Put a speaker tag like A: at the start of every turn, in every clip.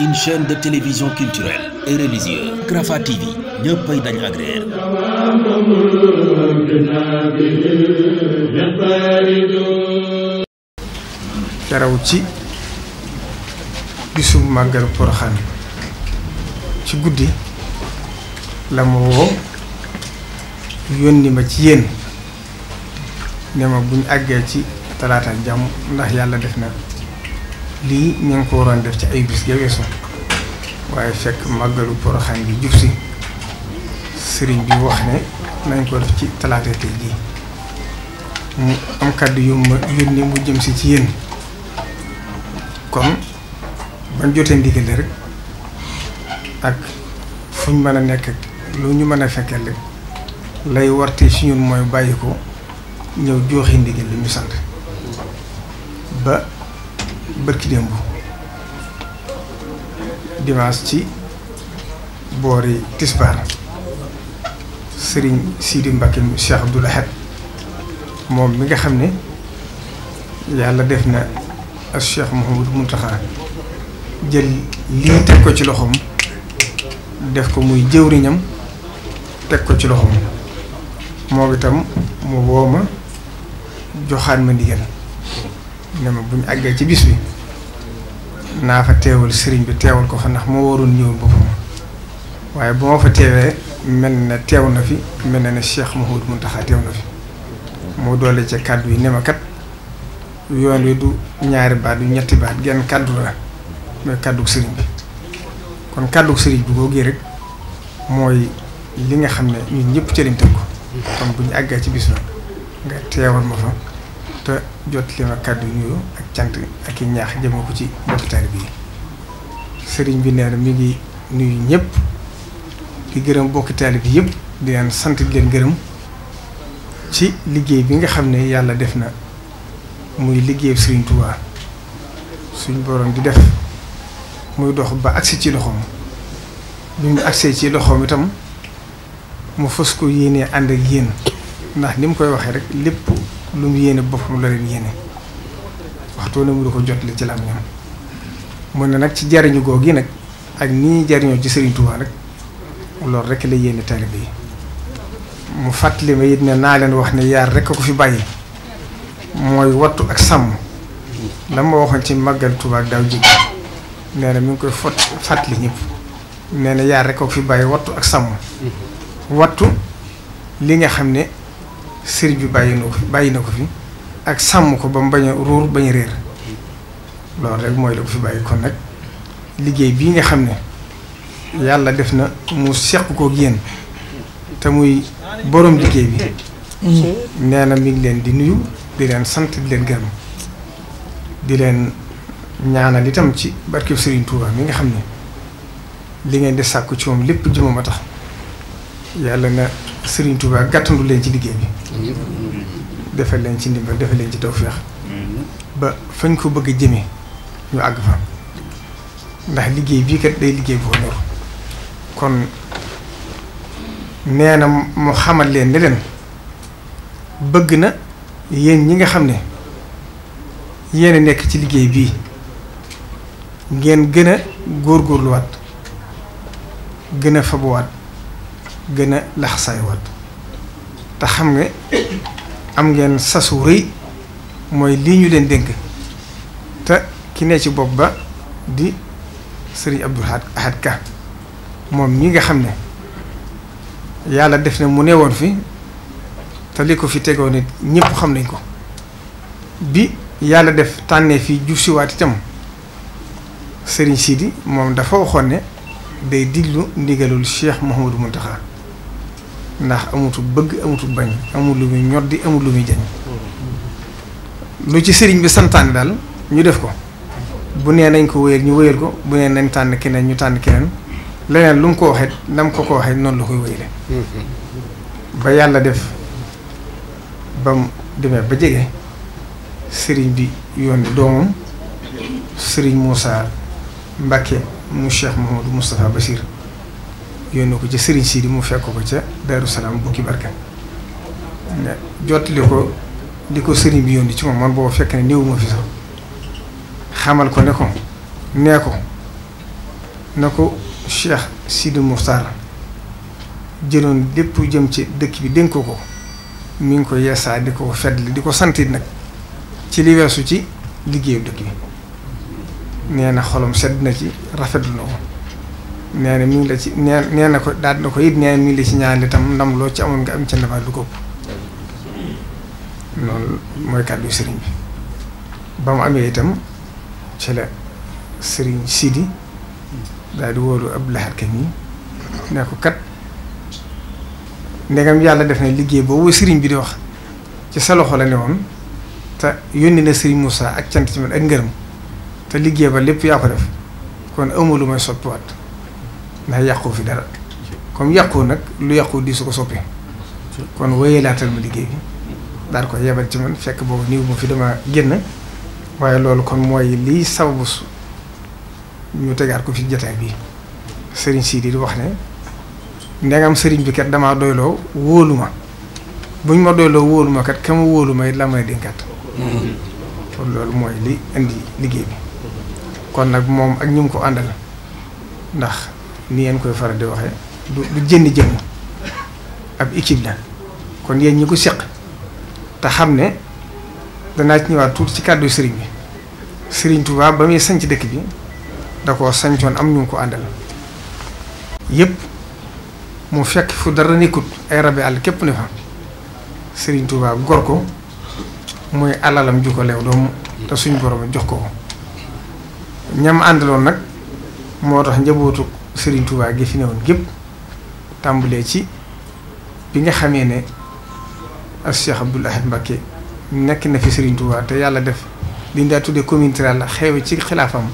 A: une de télévision culturelle et religieuse Rafah TV ñëppay ci bisub màggal Poroxaan ci guddi la ma woo yónni ma ci yéen ne buñ àggee ci talaata jàmm ndax yàlla def na lii ñu ngi ko waroon def ci ay bis ja weesu waaye fekk màggalu Poroxaan gi jub si sëriñ bi wax ne nañ koo def ci talaata tey jii mu am kàddu yu ma mu jëm si ci yéen kon bañ jotee ndigal rek ak fuñ mën a nekk lu ñu mën a fekkeel lay warte si ñun mooy bàyyi ko ñëw jooxi ndigal li ñu sant ba bërki démb dimanche ci boori tisbaar sëriñ Sidi Mbacke mu Cheikh Abdoul Ahad moom mi nga xam ni yàlla def na ak Cheikh Mouhamadou Mountakha jël lii teg ko ci loxoom def ko muy jëwriñam teg ko ci loxoom moom itam mu woo ma joxaat ma ndigal ne ma buñ àggee ci bis bi naa fa teewal sëriñ bi teewal ko fa ndax moo waroon ñëw boppam waaye bu ma fa teewee mel na teew na fi mel na ne Cheikh Mouhoud Mountakha teew na fi moo doole ci kàddu yi ne kat yoon wi du ñaari baat du ñetti baat genn kàddu la mooy kàddu sëriñ bi kon kàddu sëriñ bi ko rek mooy li nga xam ne ñun ñëpp ca lañ ko kon bu ñu àggee ci bis nga teewal ma fa jot li ma kàddu nuyoo ak cant ak i ñaax jëme ko ci mbokki taalibe yi sëriñ bi nee na mi ngi nuyu ñëpp di gërëm mbokki taalibe yi yëpp di leen sant di gërëm ci liggéey bi nga xam ne yàlla def na muy liggéeyu sëriñ Tuubaa suñ borom di def muy dox ba agsi ci loxoom bi mu agsee ci loxoom itam mu fës ko yéenee ànd ak yéen ndax ni mu koy waxee rek lépp lu mu yéene boppam la leen yéene waxtu ne mu di ko jotale ci la am ñoom mu ne nag ci jariñu googu yi nag ak ni jariñoo ci Serigne Touba loolu rek la yéene taalibe yi mu fàttali ma it ne naa leen wax ne yaar rek ko fi bàyyi mooy wattu ak sàmm la ma waxoon ci màggal Touba ak daaw jéggi nee na ngi koy fot fàttali ñëpp nee na yaar rek ko fi bàyyi wattu ak sàmm wattu li nga xam ne. sëriñ bi bàyyi na ko fi bàyyi na ko fi ak sàmm ko ba mu bañ a ruur bañ a réer loolu rek mooy la ko fi bàyyi ko nag liggéey bii nga xam ne yàlla def na mu seq koog yéen te muy borom liggéey bi. Mm-hmm. nee na mi leen di nuyu di leen sant di leen gërëm di leen ñaanal itam ci barkeb Serigne Touba mi nga xam ne li ngeen di sàkku ci moom lépp jëmam a tax yàlla na. Serigne Touba gàttandu leen ci liggéey bi. defal leen ci ndimbal defal leen ci tawféex. ba fañ ko bëgg a jëmee ñu àgg fa ndax liggéey bii kat day liggéey boo ñor kon nee na mu xamal leen ne leen bëgg na yéen ñi nga xam ne yéen a nekk ci liggéey bii ngeen gën a góorgóorluwaat gën a fabuwaat. gën a wat te xam ne am ngeen sasu rëy mooy lii ñu leen dénk te ki ne ci bopp ba di sëriñ Abdou Ahad Ka moom ñi nga xam ne yàlla def na mu newoon fi te li ko fi tegoo nit ñëpp xam nañ ko bi yàlla def tànnee fii jub siwaat itam sëriñ Sidi moom dafa waxoon ne day diglu ndigalul Cheikh Mouhamadou Mountakha ndax amutul bëgg amutul bañ amul lu muy ñoddi amul lu muy jañ lu ci sëriñ bi santaane daal ñu def ko bu nee nañ ko wéyal ñu wéyal ko bu nee nañ tànn keneen ñu tànn keneen leneen lu mu ko waxee nam ko ko waxee noonu la koy wéyale ba yàlla def ba mu demee ba jege sëriñ bi yónni doomam sëriñ Moussa Mbacke mu Cheikh Mouhamadou Moustapha Bachir yónnee ko ci Serigne Sidi mu fekk ko ca Darou Salaam bukki barka jot li ko li ko Serigne bi yónni ci moom man boo fekk ne néew ma fi sax xamal ko ne ko nee ko ne ko Cheikh Sidi Mouftar jëloon lépp jëm ci dëkk bi dénk ko ko mi ngi ko yeesaa di ko fedd di ko santit nag ci li weesu ci liggéeyu dëkk bi nee na xolam sedd na ci rafetlu na ko. nee na mi la ci nee na ko daal na ko it nee na mi ngi la ci ñaan itam ndam loo ci amoon nga am ca ndafaa du ko loolu mooy kàddu sëriñ bi ba mu amee itam ci la sëriñ Sidi daal di wóolu Abdou Lahad Ka mi ne kat ndegam yàlla def na liggéey boobu sëriñ bi di wax ci sa loxo la ne woon te yónni na sëriñ Moussa ak cant ci man ak ngërëm te liggéey ba lépp yaa ko def kon amulu may sottuwaat naa yàqoo fi dara comme yàqoo nag lu yàqoo di su ko soppi kon wéyee laatal ma liggéey bi daal ko yebal ci man fekk boobu nii bu fi dama génn waaye loolu kon mooy liy sababu su ñu ko fi jataay bi sëriñ sii wax ne ndegam sëriñ bi kat damaa doyloo wóolu ma buñ ma doyloo wóolu ma kat ka ma wóolu may la may kon loolu mooy li indi liggéey bi kon nag moom ak ñum ko àndal ndax ni ngeen koy faral di waxe du du jënn jëmm ab équipe la kon yéen ñi ko seq te xam ne danaa ci ñëwaat tuuti ci kàddu sëriñ bi sëriñ Touba ba muy sanc dëkk bi da ko sancoon am ñu ko àndal yépp mu fekk fu dara nekkut ay rabi àll képp ne fa sëriñ Touba gor ko mooy alalam ju ko leew doomu te suñ borom jox ko ko ñam àndaloon nag moo tax njabootu Serigne Touba gi fi newoon gépp tàmbalee ci bi nga xamee ne ak Cheikh Abdoul Ahad nekk na fi sëriñ Touba te yàlla def li daa tuddee commune Tiraal la xewe ci xilaafam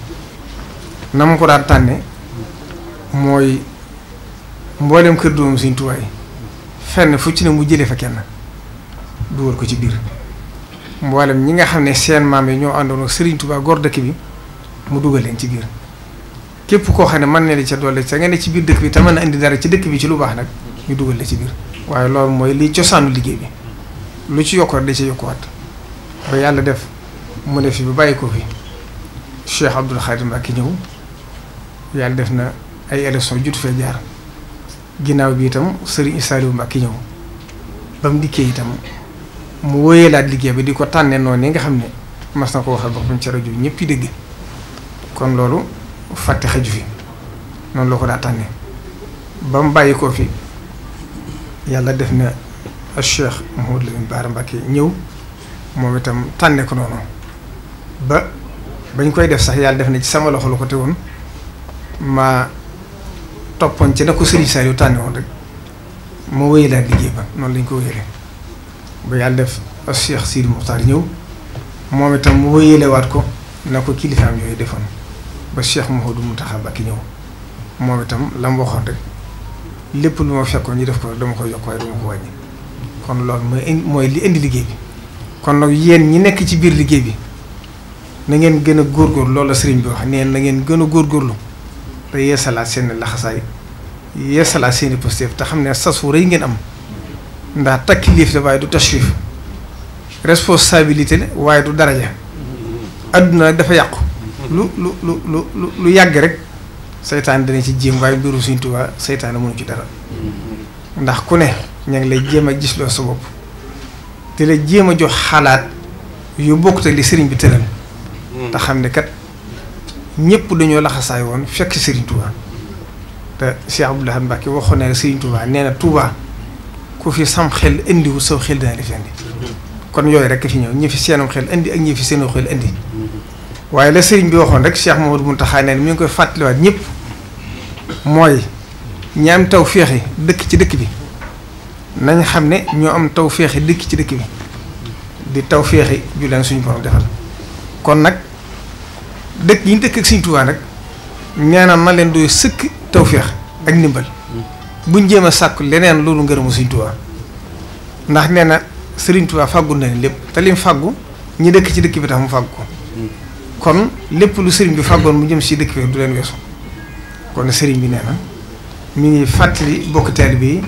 A: na ma ko daan tànne mooy mboolem kër doom Serigne Touba yi fenn fu ci ne mu jëlee fa kenn dugal ko ci biir mboolem ñi nga xam ne seen maam yi ñoo àndoon ak Serigne Touba gor dëkk bi mu dugal leen ci biir. képp koo xam ne mën na la ca doole ca nga ne ci biir dëkk bi te mën na indi dara ci dëkk bi ci lu baax nag ñu dugal la ci biir waaye loolu mooy liy cosaanu liggéey bi lu ci yokk rek da yokkuwaat ba yàlla def mu ne fi bu bàyyi ko fi Cheikh Abdoul Khadir Mbacké ñëw yàlla def na ay élection jut fee jaar ginnaaw bi itam Serigne Saliou Mbacké ñëw ba mu dikkee itam mu wóoyeelaat liggéey bi di ko tànnee noonu yi nga xam ne mas na ko waxal boppam ca rajo ñëpp yi dégg loolu. fàtte xaju fi noonu la ko daa tànne ba mu bàyyi koo fi yàlla def na Cheikh Mouhamadou Lamine Bara Mbacké ñëw moom itam tànne ko noonu ba bañ koy def sax yàlla def na ci sama loxo la ko te woon ma toppoon ci na ko Serigne Saliou tànne woon rek ma wéy laa liggéey ba noonu lañ ko wéyale ba yàlla def Cheikh Sidi Moukhtar ñëw moom itam mu wéyalewaat ko na ko kilifaam yooyu defoon du mu Mouhamadou Mountakha Mbacké ñëw moom itam la mu waxoon rek lépp lu ma fekkoon ñu def ko dama ko yokk waaye dama ko wàññi kon loolu mooy mooy li indi liggéey bi kon nag yéen ñi nekk ci biir liggéey bi na ngeen gën a góor loolu la sëriñ bi wax neen na ngeen gën a góorgóorlu te yeesalaat seen i laxasaay yeesalaat seen i positif te xam ne sas wu rey ngeen am ndax takkiliif la waaye du tashrif responsabilité la waaye du daraja adduna nag dafa yàqu lu lu lu lu lu yàgg rek seytaan dana ci jéem waaye mbiru Sëriñ Tuubaa seytaan mënu ci dara ndax ku ne ña ngi lay jéem a gisloo sa bopp di la jéem a jox xalaat yu bokkut ak li sëriñ bi tëral hmm. te xam ne kat ñëpp dañoo laxasaay woon fekk Sëriñ Tuubaa te Cheikh Abdoul Ahad Mbacké waxoon na ne Sëriñ Tuubaa nee na Tuubaa ku fi sam xel indiwu saw xel dana def indi hmm. kon yooyu rekk fi ñëw ñi fi seenum xel indi ak ñi fi seenu xel indi hmm. waaye la sëriñ bi waxoon rek Cheikh Mamadou Mountakha ne mi ngi koy fàttaliwaat ñëpp mooy ñi am taw féexe dëkk ci dëkk bi nañ xam ne ñoo am taw féexe dëkk ci dëkk bi di taw féexe ju leen suñu borom defal kon nag dëkk yi ñu dëkk ak Sëriñ Tuubaa nag ñaanam na leen doy sëkk taw féex ak ndimbal jéem a sàkku leneen loolu ngërëmu Sëriñ Tuubaa ndax nee na Sëriñ Tuubaa fàggu na leen lépp te fàggu ñi dëkk ci dëkk bi tax mu fàggu ko kon lépp lu sëriñ bi fàggoon mu jëm si dëkk bi du leen weesu kon sëriñ bi nee na mi ngi fàttali bokk taalibe bi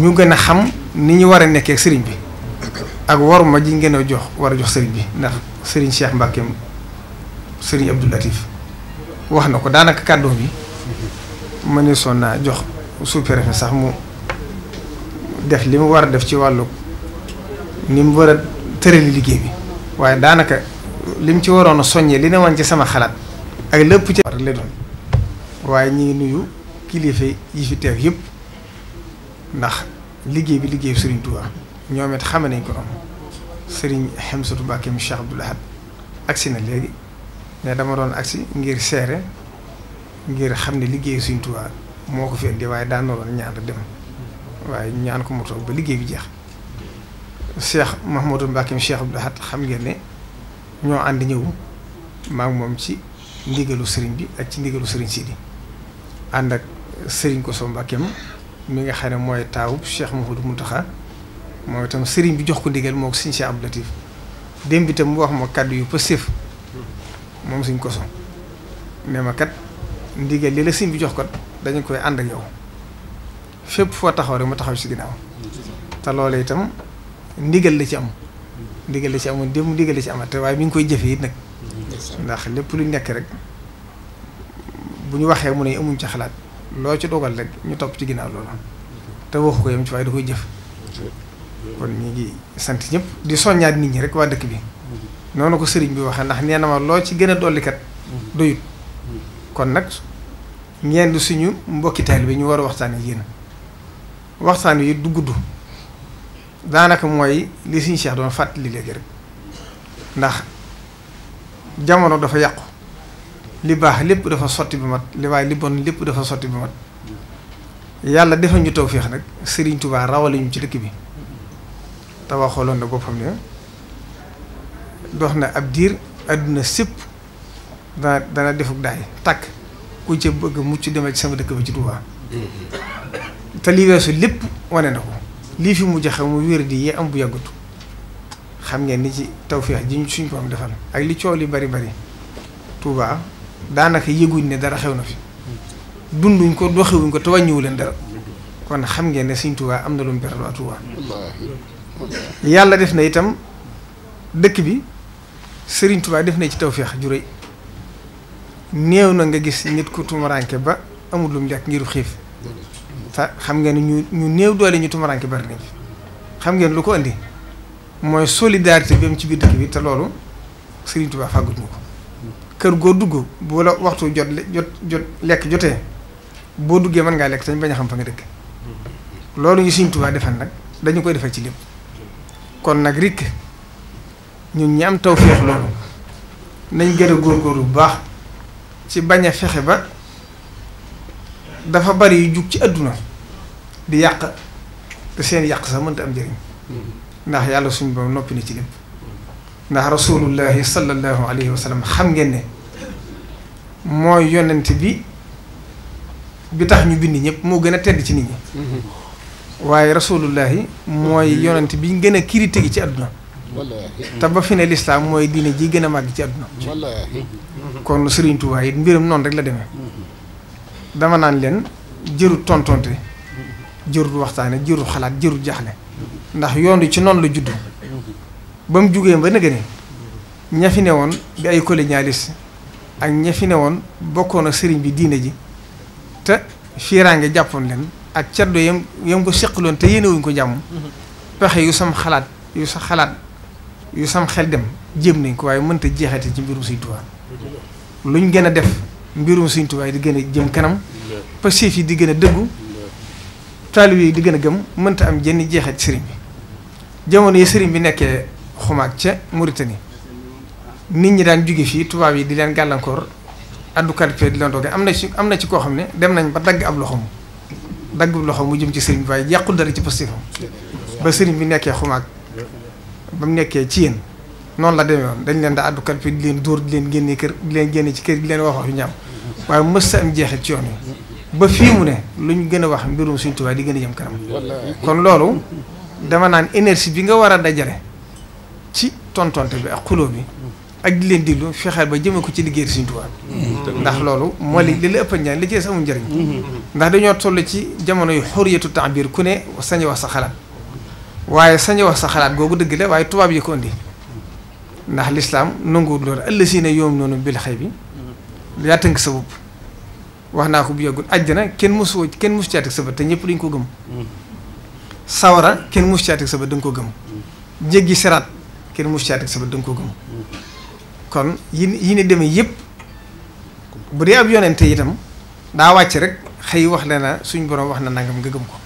A: ñu gën a xam ni ñu war a nekkee sëriñ bi ak waruma ji ngeen a jox war a jox sëriñ bi ndax sëriñ Cheikh Mbacke sëriñ Abdou Latif wax na ko daanaka kàddoo bi ma ne soon naa jox sous-préfet sax mu def li mu war a def ci wàllu ni mu war a tërali liggéey bi waaye daanaka. lim ci waroon a soññee li ne woon ci sama xalaat ak lépp ci war la doon waaye ñi ngi nuyu kilifa yi fi teew yëpp ndax liggéey bi liggéey Serigne Touba ñoom it nañ ko am Serigne Xamsatu Mbàkke mu Cheikh Abdoul Ahad agsi na léegi ne dama doon agsi ngir seere ngir xam ne liggéey Serigne Touba moo ko fi indi waaye daan na doon ñaan dem waaye ñaan ko mu liggéey bi jeex Cheikh Mahmoudou Mbàkke xam ngeen ne ñoo ànd ñëw maa moom ci ndigalu sëriñ bi ak ci ndigalu sëriñ Sidi ànd ak sëriñ Koso Mbàkke mi nga xam ne mooy taawu Cheikh mu taxa moo itam sëriñ bi jox ko ndigal moo ko sëriñ Cheikh Abdou Latif démb mu wax ma kàddu yu positif moom suñ Koso ne ma kat ndigal li la sëriñ bi jox ko dañu koy ànd ak yow fépp foo taxaw rek ma taxaw si ginnaaw te loolee itam ndigal la ci am. ndigal la ci amoon démb ndigal la ci amaat te waaye mi ngi koy jëfee it nag. ndax lépp lu nekk rek bu ñu waxee mu ne amuñ ci xalaat loo ci dogal rek ñu topp ci ginnaaw loolu te waxu ko yam ci waaye da koy jëf. kon ñu ngi sant ñëpp di soññaat nit ñi rek waa dëkk bi. noonu ko sëriñ bi waxee ndax nee na ma loo ci gën a dolli kat doyut kon nag ñeent suñu mbokki mbokkitaal bi ñu war a waxtaan ak yéen waxtaan wi du gudd. daanaka mooy li Sëriñ Cheikh doon fàttali léegi rek ndax jamono dafa yàqu li baax lépp dafa sotti ba mat li waaye li bon lépp dafa sotti ba mat yàlla defal ñu feex nag sëriñ tubaa rawale ñu ci dëkk bi te waxooloon na boppam ne dox na ab diir àdduna sépp dana dana defuk daay takk ku ci bëgg mucc demal ci sama dëkk bi ci Touba te li weesu lépp wane na ko. lii fi mu jaxe mu wér di yi am bu yàggutu xam ngeen ni ci tawféex ji ñu suñ ko defal ak li coow li bari bari Touba daanaka yëguñ ne dara xew na fi dunduñ ko doxewuñ ko te ñëw leen dara kon xam ngeen ne Sëñ Touba am na lu mu beral waa Touba yàlla def na itam dëkk bi sëriñ Touba def na ci tawféex ju rëy néew na nga gis nit ku tumuraanke ba amul lu mu lekk ngir xiif te xam ngeen ñu ñu néew doole ñu tumuraanke bari nañ xam ngeen lu ko indi mooy solidarité bi am ci biir dëkk bi te loolu Serigne Touba fàggut ko kër goo dugg bu la waxtu jot jot jot lekk jotee boo duggee mën ngaa lekk te ñu bañ a xam fa nga dëkk loolu ñu Serigne Touba defal nag dañu koy defal ci lépp kon nag rikk ñun ñi am tawfeex loolu nañ gën a góorgóorlu bu baax ci bañ a fexe ba dafa bari yu ci àdduna di yàq te seen yàq sax mënta am njëriñ mm-hmm. ndax yàlla suñu borom noppi na ci lépp ndax rasulullahi sallallahu alayhi wa xam ngeen ne mooy yonent bi bi tax ñu bind ñëpp moo gën a tedd ci nit ñi mm-hmm. waaye rasulullahi mooy mm-hmm. yonent bi gën a gi ci àdduna te ba fi ne lislaam mooy diine ji gën a màgg ci àdduna kon Sëriñ Tuubaa it mbiram noonu rek la deme dama naan leen jëru tontonte jërul waxtaane jërul xalaat jërul jaaxle ndax yoon wi ci noonu la judd ba mu jógee ba nëgëne ña fi ne woon bi ay colonialiste ak ña fi ne woon bokkoon ak sëriñ bi diine ji te fiiraange jàppoon leen ak caddo yam yam ko seqaloon te yéenewuñ ko jàmm pexe yu sam xalaat yu sa xalaat yu sam xel dem jéem nañ ko waaye mënta jeexate ci mbirum Sëriñ Tuubaa luñ gën a def mbirum Sëriñ Tuubaa di gën a jëm kanam passif yi di gën a dëggu taalibe yi di gën a gëm mënta am jenn jeexit sëriñ bi jamono yi sëriñ bi nekkee xumaag ca Mauritanie nit ñi daan jóge fii tubaab yi di leen gàllankoor addu kalpe di leen dooge am na am na ci koo xam ne dem nañ ba dagg ab loxoom dagg mu jëm ci sëriñ bi waaye yàqul dara ci pastifam ba sëriñ nekkee xumaag ba mu ci yéen noonu la demee woon dañ leen daa addu di leen dóor leen génne kër di leen génne ci kër di leen wax wax yu ñaam waaye mës am jeexit ci yoon yi ba fii mu ne lu ñu gën a wax mbirum Sëriñ Tuubaa di gën a jëm kanam kon loolu dama naan énergie bi nga war a dajale ci tontonte bi ak xuloo bi ak di leen diglu fexeel ba jëme ko ci liggéey Sëriñ Tuubaa mm-hmm. ndax loolu moo li li la ëpp njariñ li ci des amul njariñ mm-hmm. ndax dañoo toll ci jamono yu xuriyatu biir ku ne sañ wax sa xalaat waaye sañ wax sa xalaat googu dëgg la waaye tubaab yi ko indi ndax lislaam nanguwul loolu ëllëg si ne yoom noonu bil bi yaa tënk sa bopp wax naa ko bu yàggul àjjana kenn mosu kenn mosu caatik sa bët te ñëpp dañ ko gëm sawara kenn mus caatik sa dañ da nga ko gëm kenn mosu caatik sa bët da nga ko gëm kon yi ne demee yëpp bu dee ab yonente itam daa wàcce rek xëy wax le na suñ borom wax na nangam nga gëm ko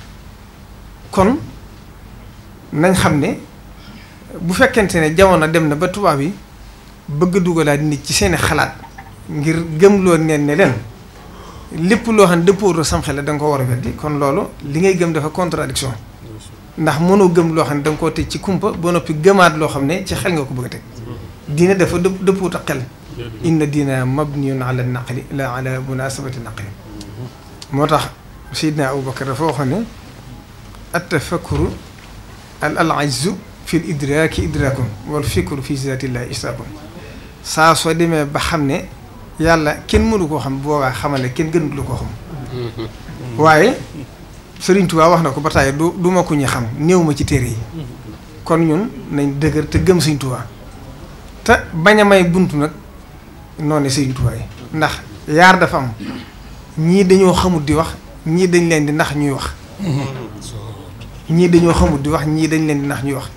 A: kon nañ xam ne bu fekkente ne jamono dem na ba tubaab yi bëgg dugalaat nit ci seeni xalaat ngir gëm loo neen ne leen lépp loo xam ne dëppoo sam xel da ko war a weddi kon loolu li ngay gëm dafa contradiction ndax mënoo gëm loo xam ne danga nga koo teg ci kumpa ba noppi gëmaat loo xam ne ci xel nga ko bëgg a teg diine dafa dëpp dëppoot ak xel inna diina mabniyun ala naqli la ala munasabati naqli moo tax Seydina Aboubacar dafa waxoon ne at tafakkuru al alajzu fi l idraaki idraakum wal fikru fi zaatillahi isaakum saa soo demee ba xam ne yàlla kenn mënu koo xam boobaa xamale kenn gënu lu koo xam waaye Sëriñ wax na ko ba tàyyi du du ma ko ñu xam néew ma ci téere yi kon ñun nañ dëgër te gëm Sëriñ te bañ a may buntu nag noone Sëriñ ndax yaar dafa am ñii dañoo xamut di wax ñii dañ leen di nax ñuy wax ñii dañoo xamut di wax ñii dañ leen di nax ñuy wax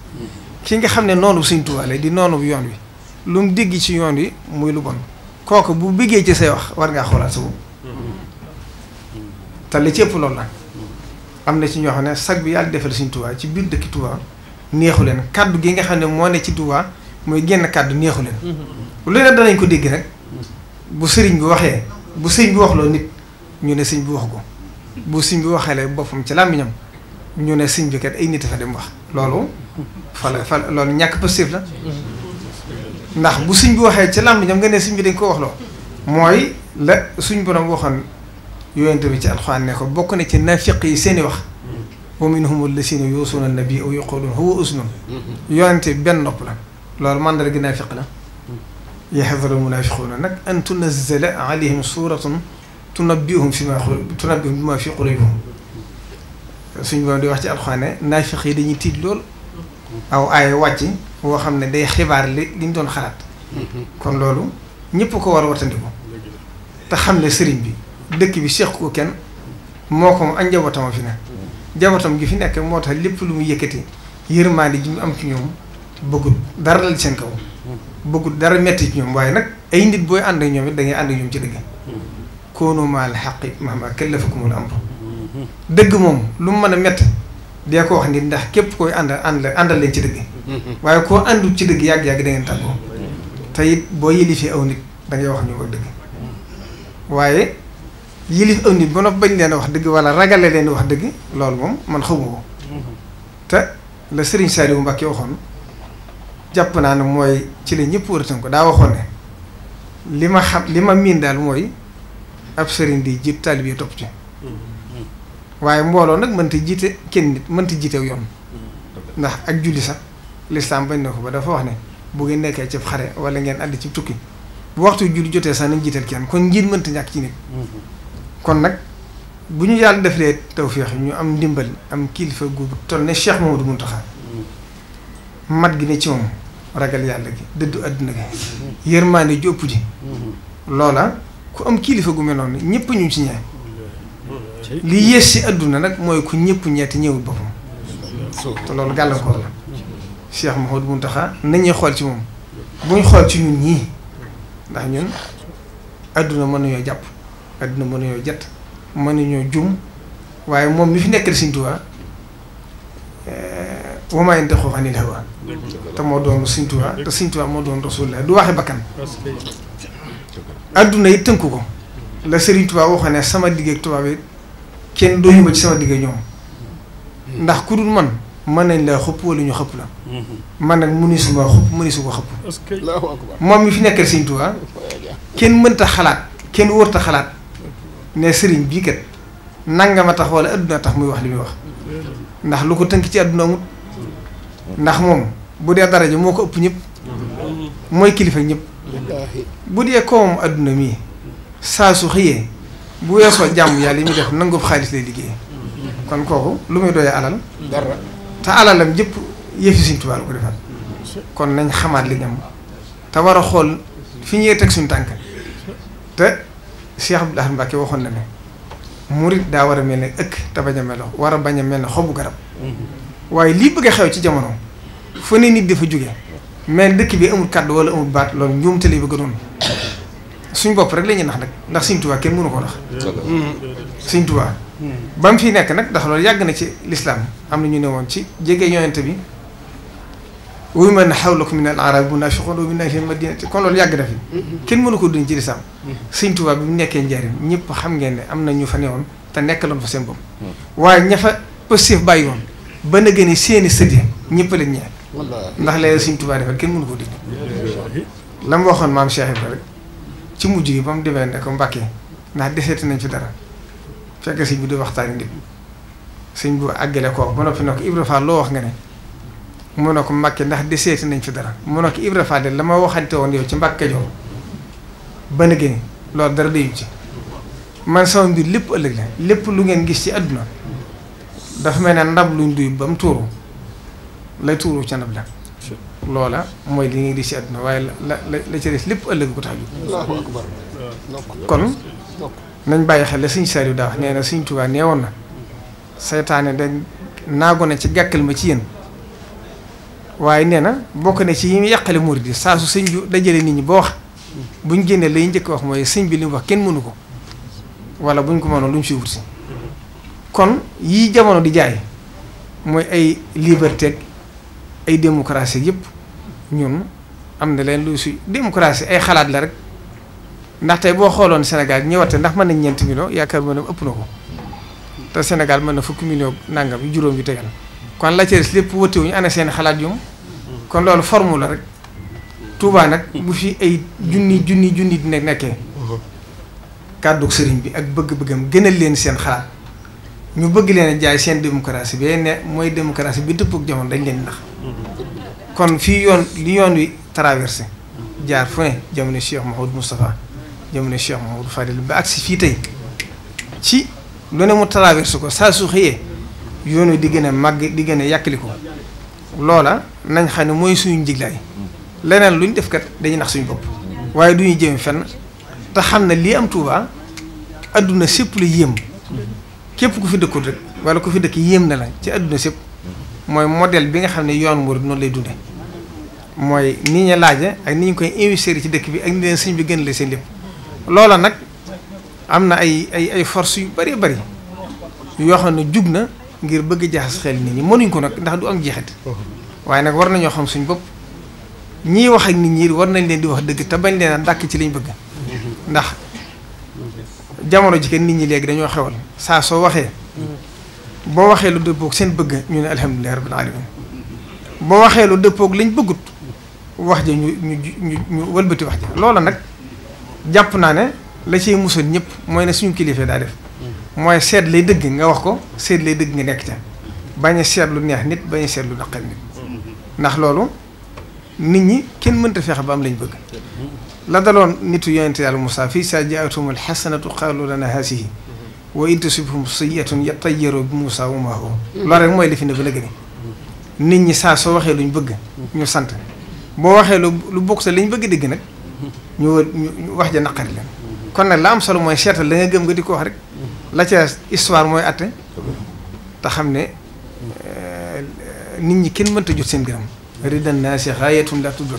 A: ki nga xam ne noonu Sëriñ Tuubaa la di noonu yoon wi lu mu dégg ci yoon wi muy lu bon kooku bu bëggee ci say wax war ngaa xoolaat sa bopp
B: mm-hmm.
A: te li ci ëpp loolu nag am na ci ñoo xam ne sag bi yàlla defal suñ Tuubaa ci biir dëkk Tuubaa neexu leen kàddu gi nga xam ne moo ne ci Tuubaa mooy génn kàddu neexu leen mm-hmm. lu ne danañ ko dégg nag bu sëriñ bi waxee bu sëriñ bi wax loo nit ñu ne sëñ bi wax ko bu sëriñ bi waxeele boppam ci làmmiñam ñu ne sëriñ bi kat ay nit fa dem wax loolu fa la loolu ñàkk positif la
B: mm-hmm.
A: ndax bu suñ bi waxee ci làmb ñoom nga ne suñ bi dañ ko wax loo mooy la suñ borom waxoon yonent bi ci alxuraan ne ko bokk na ci nafiq yi seen i wax wa minhum allasina yusuuna nabi aw yaquluun huwa usnun yonent bi benn nopp la loolu mandarga naafiq la yaxdaru almunafiquuna nag an tunazala alayhim suratun tunabbiuhum fi ma tunabbiuhum bi ma fi qulubihum suñ borom di wax ci alxuraan ne naafiq yi dañuy tiit lool aw aaya wàcc woo xam ne day xibaar li li ñu doon xalaat mm-hmm. kon loolu ñëpp ko war a wattandiku te xam ne sëriñ bi dëkk bi seq ko kenn moo ko ak njabootam fi ne njabootam gi fi nekk moo tax lépp lu mu yëkkati yërmaande ji mu am ci ñoom bëggul dara la seen kaw mm-hmm. bëggul dara metti ci ñoom waaye nag ay nit booy ànd ak ñoom it da ngay ànd ak ñoom ci dëgg mm-hmm. koonu maal xaqi mahma kallafakumul amru dëgg moom lu mu mën a mett dee ko wax nit ndax képp koy ànd ànd àndal leen ci waaye koo àndut ci dëgg yàgg-yàgg da ngeen tàggoo te it boo yilifee aw nit da wax ñu wax dëgg waaye yilif aw nit ba noppi bañ leen a wax dëgg wala ragale leen wax dëgg loolu moom man xawma ko te la Serigne Saliou Mbacké waxoon jàpp naa ne mooy ci la ñëpp war a ko daa waxoon ne li ma xam li ma miin daal mooy ab sëriñ di jiit taalib topp ci waaye mbooloo nag mënta jiite kenn nit mënta jiitew yoon ndax ak julli sax lislaam bañ na ko ba dafa wax ne bu ngeen nekkee ci xare wala ngeen ànd ci tukki bu waxtu julli jotee sax nañ jiital kenn kon njiit mënta ñàkk ci nit. Mm-hmm. kon nag bu ñu yàlla defalee yi ñu am ndimbal am kilifa gu toll ne Cheikh Mamadou Mountakha mm-hmm. mat gi ne ci moom ragal yàlla gi dëddu àdduna gi mm-hmm. yërmaande ju ji. loola ku am kilifa gu mel noonu ñëpp ñu ci ñee li yées si àdduna nag mooy ku ñëpp ñeeti ñëwul boppam te loolu gàllankoor la. Cheikh Mouhamadou Mountakha nañuy xool ci moom buñ xool ci ñun ñii ndax ñun adduna mën nañoo jàpp adduna mën nañoo jat mën nañoo jum waaye moom mi fi nekk Sëriñ Tuubaa eh, wamaa may anil hawaa te moo doon Sëriñ Tuubaa moo doon Rasulullah du waxe bakkan adduna yi tënku ko la Sëriñ Tuubaa waxoon ne sama digg ak tubaab yi kenn doyuma ci sama digg ñoom ndax ku dul man mën nañ laa xëpp wala ñu xëpp la. man mhm. nag mu si ma xëpp mënuñu si ko xëpp. moom mi fi nekkal Sëriñ Tuubaa kenn mënta xalaat kenn wërta xalaat ne sëriñ bii kat nanga ma tax wala adduna tax muy wax li muy wax ndax lu ko tënk ci adduna amut ndax moom bu dee daraja moo ko ëpp ñëpp mooy kilifa ñëpp bu dee koomam àdduna mii saa su xëyee bu weesoo jàmm yàlla yi muy def nangub xaalis lay liggéey kon kooku lu muy doyee alal te alalam jëpp yëfi Sëriñ Tuubaa la ko defal kon nañ xamaat li ñu te war a xool fi ñuy teg suñ tànk te Cheikh Abdoul Ahad Mbacké waxoon na ne murit daa war a mel ne ëkk te bañ a mel war a bañ a mel ne xobu garab waaye lii bëgg a xew ci jamono fu ne nit dafa jóge mais dëkk bi amul kàddu wala amul baat loolu njuumte lay bëgg a doon suñ bopp rek la ñuy nax nag ndax Sëriñ Tuubaa kenn mënu ko nax Sëriñ Tuubaa ba mu fi nekk nag ndax loolu yàgg na ci lislaam am na ñu ne woon ci jege yonent bi wa mimman hawlakum mina al-a'raabi munaafiquun wa min ahlil madiinati kon loolu yàgg na fi kenn mënu ko duñ ci lislaam sëñ Tuubaa bi mu nekkee njariñ ñëpp xam ngeen ne am na ñu fa woon te nekkaloon fa seen bopp waaye ña fa pëstéef bàyyi woon ba na gën seeni sëddi ñëpp leen ñeex ndax léegi sëñ Tuubaa defal kenn mënu ko dindi la mu waxoon maam Cheikh Ibrahima rek ci mujj gi ba mu demee ne ko Mbàkke ndax deseeti nañ fi dara fekk sëñ bi di waxtaan nit suñ bu àggale kooku ba noppi ne Ibra Fall loo wax nga ne mu ne ko Mbàkke ndax de nañ fi dara mu ne ko Ibra Fall de la ma waxante woon yow ci Mbàkke Kajoor ba na dara dayu ci man lépp ëllëg lépp lu ngeen gis ci àdduna dafa mel ne nab luñ duy ba mu tuuru lay tuuru ca ndab la loola mooy li ngeen gis ci àdduna waaye la la la ci des lépp ëllëg ko kon nañ bàyyi xel la sëñ Saliou daa wax nee na sëñ Tuubaa nee woon na seytaane da naago na ci gàkkal ma ci yéen waaye nee na bokk ne ci yi ñu yàqale murid yi saa su sëñ bi dajale nit ñi ba wax buñ génnee lay njëkk wax mooy sëñ bi li wax kenn mënu ko wala buñ ko mënoon lu ñu si wut si kon yii jamono di jaay mooy ay liberté ay démocratie yëpp ñun am na leen lu si démocratie ay xalaat la rek. ndaxte boo xooloon Sénégal ñëwate ndax mën nañ ñeenti millions yaakaar ma ne ëpp na ko te Sénégal mën na fukki millions nangam bi juróom bi tegal kon la ca lépp wëtte wu ñu ana seen xalaat yum kon loolu formule la rek Touba nag bu fi ay junni junni junni di nekkee kàddu sëriñ bi ak bëgg-bëggam gënal leen seen xalaat ñu bëgg leen jaay seen démocratie bi ne mooy démocratie bi dëppook jamono dañ leen nax kon fii yoon li yoon wi traversé jaar fu jamono Cheikh Mouhamadou Moustapha jamono Cheikh Mamadou Fadil ba agsi fii tey ci lu ne mu traversé ko saa su xëyee yoonu di gën a màgg di gën a yàkkali ko loola nañ xam ne mooy suñu njiglaay leneen luñ def kat dañuy nax suñu bopp waaye duñu jëm fenn te xam ne lii am Tuuba adduna sépp la yéem képp ku fi dëkkul rek wala ku fi dëkk yéem na la ci àdduna sépp mooy modèle bi nga xam ne yoon murid noonu lay dunde mooy ni ñu laaje ak ni ñu koy investir ci dëkk bi ak ni leen sëñ bi gën la seen lépp loola nag am na ay ay ay force yu bari bari yoo xam ne jug na ngir bëgg jaxas xel nit ñi mënuñ ko nag ndax du am jeexit waaye nag war nañoo xam suñ bopp ñii wax ak nit ñi war nañ leen di wax dëgg te bañ leen a ci liñ bëgg ndax jamono ji kenn nit ñi léegi dañoo xewal saa soo waxee boo waxee lu dëppoog seen bëgg ñu ne alhamdulilah rabbil alamin boo waxee lu dëppoog lañ bëggut wax ja ñu ñu ñu ñu wëlbati wax ja loola nag. jàpp naa ne la ciy musal ñëpp mooy ne suñu kilifa daa def mooy seet lay dëgg nga wax ko seet lay dëgg nga nekk ca bañ a seet lu neex nit bañ a seet lu naqal nit ndax loolu nit ñi kenn mënta fexe ba am lañ bëgg daloon nitu yonente yàlla Moussa fii sa jaatum alxasanatu qaalu lana haasihi wa in tusibhum sayyi'atun yatayyaru bi Moussa wa maahu mooy li fi ne nit ñi saa soo waxee luñ bëgg ñu sant boo waxee lu lu bokk sa liñ bëgg dégg nag ñu ñu wax ja naqari leen kon nag la am solo mooy seetal la nga gëm nga di ko wax rek la ca histoire mooy atte te xam ne eh, nit ñi kenn mënta jot seen gërëm ridan naasi xaayatun laa tudd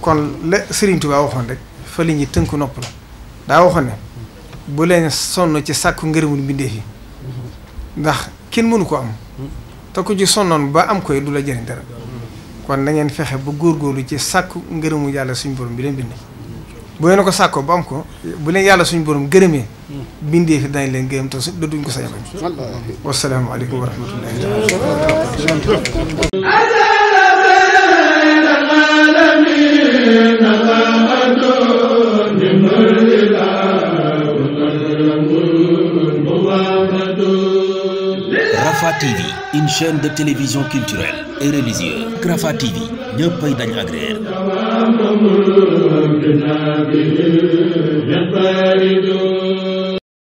A: kon la Sëriñ Tuubaa waxoon rek fa li ñuy tënk nopp la daa waxoon ne bu leen sonn ci sàkku ngërëmul mbindeef yi ndax kenn mënu ko am te ku ci sonnoon ba am koy du la jëriñ dara kon na ngeen fexe ba góorgóorlu ci sàkku ngërëmu yàlla suñu borom bi leen bind bu ngeen ko sàkkoo ba am ko bu leen yàlla suñu borom gërëmee hmm. bindee fi dañ leen gërëm te su duñ ko sañ
B: bañ
A: wasalaamaaleykum wa rahmatullahi taala Rafah TV une chaîne de télévision culturelle et religieuse Rafah TV ñëppay dañ agréer
B: بنا به ينفرد